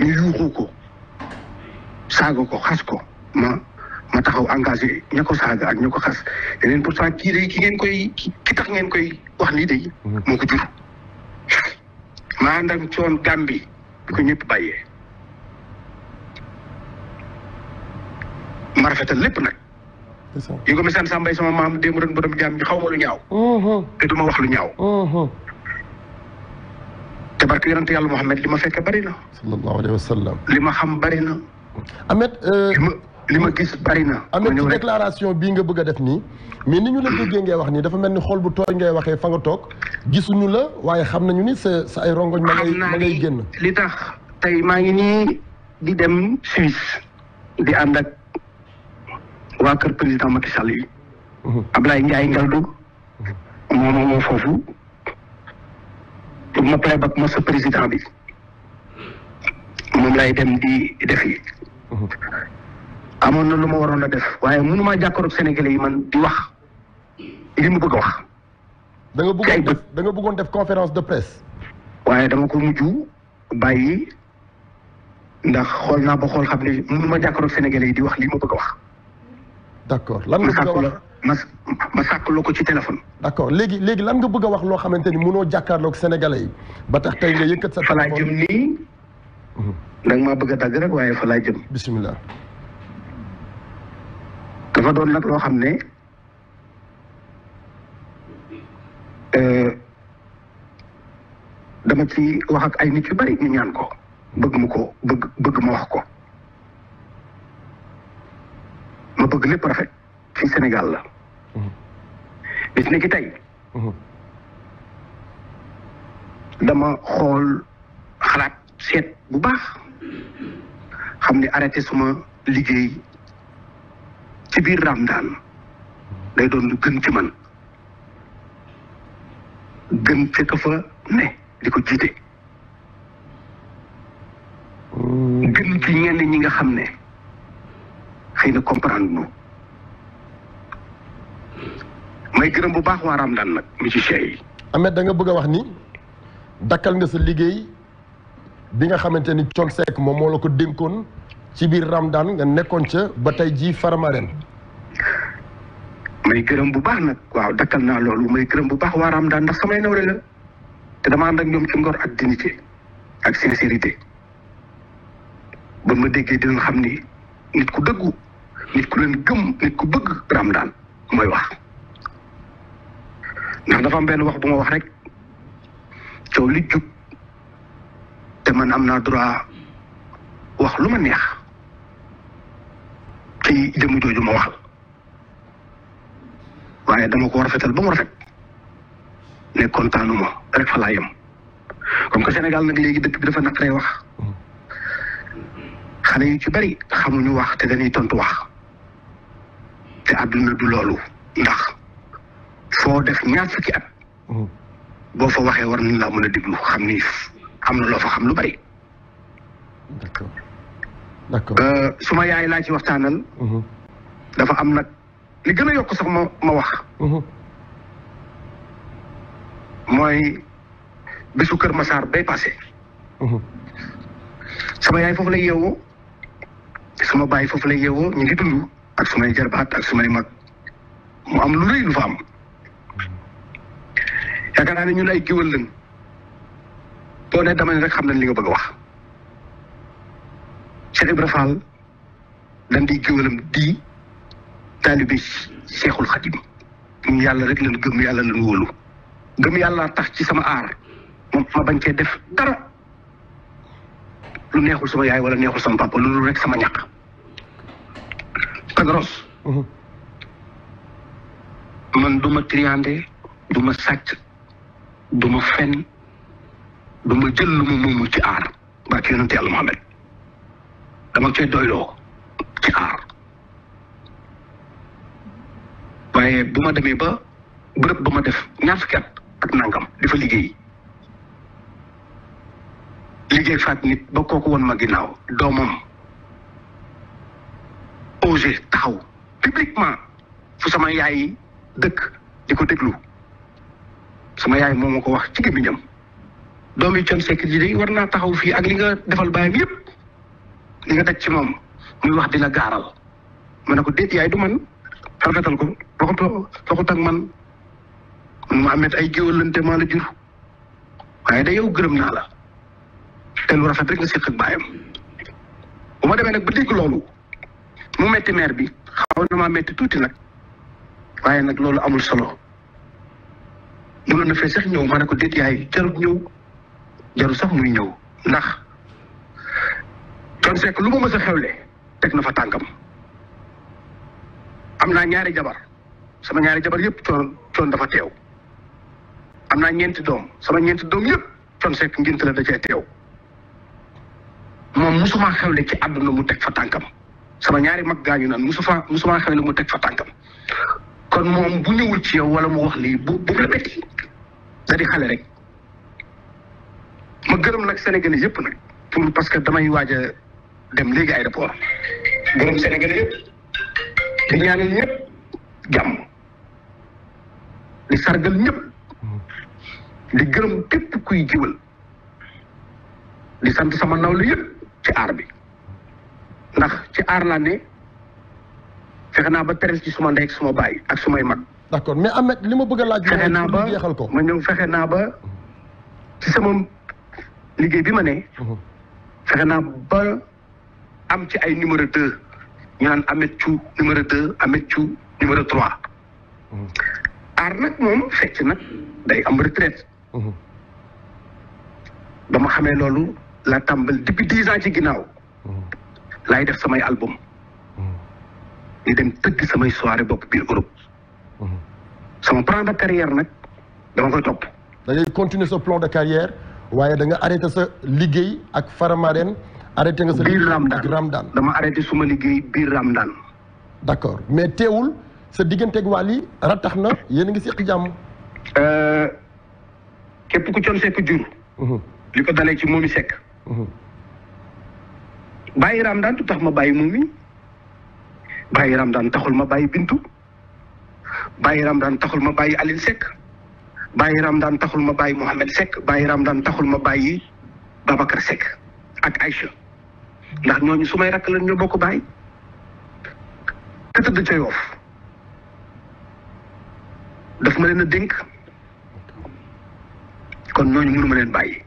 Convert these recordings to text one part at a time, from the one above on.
ñu yuuxu ko saaga ko xas ko ma ma taxaw engagé ña ko saaga ak ña ko xas te pour pourtant kii day ki ngeen koy ki tax ngeen koy wax lii day mhm. moo ko jur maa ndam coon Gàmbi bi ko ñëpp bàyyee ma rafetal lépp nag yi ko mi san sàmbay sama maam démb doon borom jaam xaw ma lu ñaaw mhm. te duma wax lu ñaaw mhm. fekk yonent yàlla Muhammad li ma fekk bari na. sallallahu li ma xam bari na. Ahmed. Euh, li ma li ma gis bari na. Ahmed ci déclaration bii nga bëgg a def nii. mais ni ñu la déggee ngay wax nii dafa mel ni xool bu tooy ngay waxee fa nga toog gisuñu la waaye xam nañu ni sa sa ay rongoñ. ma ngay ma ngay génn li tax tey maa ngi nii di dem Suisse. di ànd ak waa kër président Macky Sall yi. Mhm. Ablaye Ndiaye Ngaldu. Mhm. moom moo foofu. ma pare ba ma sa président bi moom lay dem di defi. amoon na lu ma waroon a def waaye mënu maa jàkkaarloog Sénégalais yi man di wax li mu bëgg a wax. danga nga bëggoon def da nga bëggoon def conférence de presse. waaye dama ko mujj bàyyi ndax xool naa ba xool xam ne mënu ma jàkkaarloog Sénégalais yi di wax lii ma bëgg a wax. d'accord lan nga ma ma sàkkaloo ko ci téléphone. d' accord léegi léegi lan nga bëgg a wax loo xamante ni mënoo jàkkaarloog sénégalais yi ba tax tey nga yëkkat sa. téléphone fa laa jëm nii. Mhm. da nga maa bëgg a dagg rek waaye fa laa jëm. bisimilah. dafa doon nag loo xam ne. Euh, dama ci wax ak ay nit yu bari ñu ñaan ko bëgg mu ko bëgg ma wax ko ma bëgg lépp rafet fii Sénégal la bis ni ki tey. dama xool xalaat seet bu baax xam ne arrêté suma liggéey ci biir Ramadan day doon lu gën ci man gën ca ka ne di ko jiite. Mmh. gën ci ñenn ñi nga xam ne xëy na comprendre nu may gërëm bu baax waa Ramadan nag musiciens yi. Ahmed da nga bëgg a wax ni dakkal nga sa liggéey bi nga xamante ni Thione Seck moom moo la ko dénkoon ci biir Ramadan nga nekkoon ca ba tey jii Faramaren. may gërëm bu baax nag waaw dakkal naa loolu may gërëm bu baax waa Ramadan ndax samay nawle la te dama ànd ak ñoom ci ngor ak dignité ak sincérité ba ma déggee dinañ xam ni nit ku dëggu nit ku leen gëm nit ku bëgg Ramadan mooy wax. ndax dafa am benn wax bu ma wax rek coow li jub te man am naa droit wax lu ma neex ci jëmm jooju ma waxal waaye dama ko rafetal ba mu rafet ne kontaanuma rek fa laa yem comme que Sénégal nag léegi dëkk bi dafa naqaree wax xale yu ci bari xamuñu wax te dañuy tontu wax te àdduna du loolu ndax foo def ñaar fukki at. Mm-hmm. boo fa waxee war nañ laa mën a déglu xam ni am na loo fa xam lu bari. Euh, suma yaay laa ci waxtaanal. Mm-hmm. dafa am nag li gën a yokk sax ma ma wax. Mm-hmm. mooy bisu Kër Massar bay passé. sama yaay foofu lay yeewoo suma baay foofu lay yeewoo ñu ngi ak sumay jarbaat ak sumay mag mu am lu rëy lu fa am. yaakaar naa ne ñun ay géwël lañ boo ne dama ne rek xam nañ li nga bëgg a wax Cheikh Ibra Fall dañ di géwëlam di taalibe Seexul Xadim ñun yàlla rek lañ gëm yàlla lañ wóolu gëm yàlla tax ci sama aar moom ma bañ cee def dara lu neexul sama yaay wala neexul sama papa loolu rek sama ñaq Padros mhm. man duma ma triandé du ma sàcc du ma fen du jël lu ma ci aar ba ci yonent yàlla Muhammad dama cay doyloo ci aar waaye bu ma demee ba bërëb ba ma def ñaar fukki at nangam di liggéey liggéey faat nit ba kooku woon ma ginnaaw doomam osé taxaw publiquement fu sama yaay dëkk di ko déglu sama yaay moo ma ko wax ci gémmiñam doomi Thione Seck ji de war naa taxaw fii ak li nga defal baayam yëpp li nga daj ci moom muy wax dina la gaaral ma ne ko déet yaay du man rafetal ko waxut waxut ak man man ay géwal maa la jur yow gërëm naa la te rafet rek nga séq ak baayam bu ma demee nag ba dégg loolu mu metti meer bi xaw na maa metti tuuti nag waaye nag loolu amul solo mënoon na fee sax ñëw ma ne ko déet yaay jarul ñëw jarul sax muy ñëw ndax Thione Seck lu ma mës a xewle teg na fa tànkam am naa ñaari jabar sama ñaari jabar yëpp coon coon dafa teew am naa ñeenti doom sama ñeenti doom yëpp Thione Seck ngénte la da cee teew moom musuma xewle ci na mu teg fa tànkam sama ñaari mag gaañu naan musuma musuma xewle mu teg fa tànkam kon moom bu ñëwul ci yow wala mu wax lii bu bu la betti da di xale rek ma gërëm nag sénégalais yëpp nag pour parce que damay waaj dem léegi aéroport gërëm sénégalais yëpp di ñaanal ñëpp jàmm di sargal ñëpp di gërëm képp kuy jiwal di sant sama nawlu yëpp ci aar bi ndax ci aar laa ne fexe naa ba teral ci suma ndey ak suma baay ak sumay mag d' accord mais Ahmed li ma bëgg a laaj. fexe naa ba jeexal ko ma ñëw fexe naa ba ci sama liggéey bi ma ne. Mhm. fexe naa ba am ci ay numéro deux ñu naan Ahmed Thiou numéro deux Ahmed Thiou numéro trois. Mhm. aar nag moom fekk nag day am retraite. Mhm. ba ma xamee loolu laa tàmbal depuis dix ans ci ginnaaw. laay def samay album. di dem tëgg samay soirée bopp biir Europe. sama plan de carrière nag dama koy topp. da ngay continuer sa plan de carrière waaye da nga arrêté sa liggéey ak Faramaren arrêté nga sa biir Ramdan dama arrêté suma liggéey biir Ramdan. d' accord mais teewul sa digganteeg waa ratax na yéen a ngi seq jàmm. Euh, ku coon sekk jur. Mhm. li sekk. Mhm. bàyyi Ramdan tu tax ma bàyyi moomi bàyyi Ramdan taxul ma bàyyi Bintu. bàyyi daan taxul ma bàyyi Alioune Seck bàyyi daan taxul ma bàyyi Mouhamed Seck bàyyi daan taxul ma bàyyi Babacar Seck ak ay Aïcha ndax ñooñu su may rakk lan ñoo bokk bàyyi ka tëdd ca Yoof daf ma leen a dénk kon ñooñu mënu leen bàyyi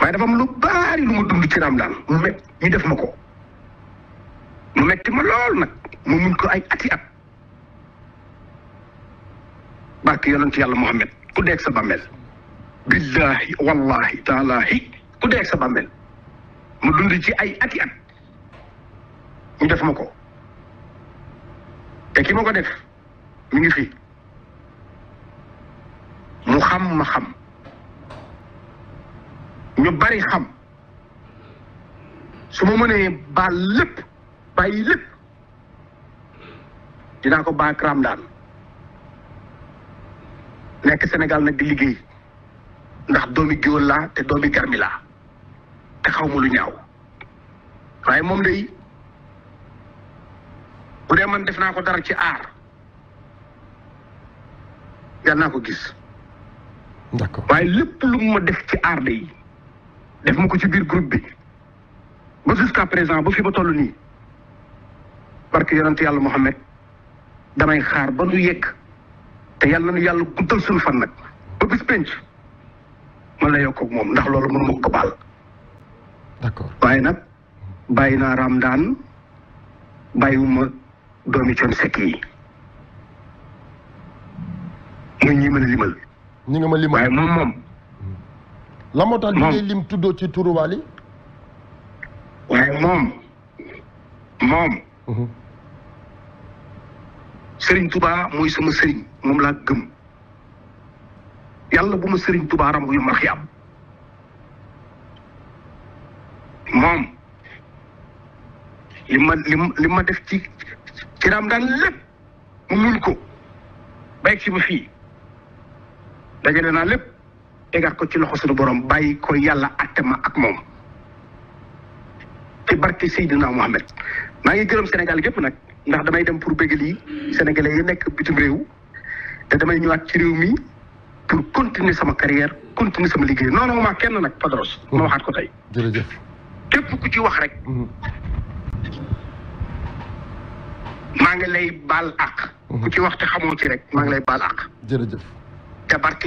waaye dafa am lu baari lu ma dund ci Ramadaan met ñu def ma ko mu metti ma lool nag mu mun ko ay ati at barke yonent yàlla Muhammad ku dee sa bàmmeel billaahi wallaahi taalaahi ku dee sa bàmmeel mu dund ci ay ati at ñu def ma ko te ki ma ko def mi ngi fi mu xam ma xam ñu bari xam su ma mënee baal lépp bàyyi lépp dinaa ko baal Ramdaan nekk Sénégal nag di liggéey ndax doomi géwël laa te doomi garmi laa te xaw ma lu ñaaw waaye moom day bu dee man def naa ko dara ci aar yàlla naa ko gis. d'accord waaye lépp lu mu ma def ci aar day def ma ko ci biir groupe bi ba jusqu'à présent ba fi ba toll nii barke yonent yàlla Muhammad damay xaar ba nu yegg. te yàlla nañu yàlla guddal suñu fan nag ba bis penc man la yokk moom ndax loolu mënu ma ko baal. d'accord waaye nag bàyyi naa Ramadaan bàyyiwuma doomi coon sekk yi muy ñi mën a limal. ñi nga ma limal waaye moom la moo tax li ngay lim tuddoo ci turu Wally. waaye moom moom. Mm-hmm. Serigne tubaa mooy sama Serigne moom laa gëm yàlla bu ma Serigne Touba ram yu ma xiyaam moom li ma def ci ci raam daan lépp mu mun ko bay si ma fii dajale naa lépp tegaat ko ci loxo suñu borom bàyyi ko yàlla atte ma ak moom ci barke Seydina Mohamed maa ngi gërëm senegal gépp nag. ndax damay dem pour bëgg lii sénégalais yi nekk bitim réew te damay ñëwaat ci réew mi pour continuer sama carrière continuer sama liggéey non non ma kenn nag Padros. ma waxaat ko tey. jërëjëf képp ku ci wax rek. Mm-hmm. maa ngi lay baal àq. ku ci wax te xamoo ci rek maa ngi lay baal àq. jërëjëf te barke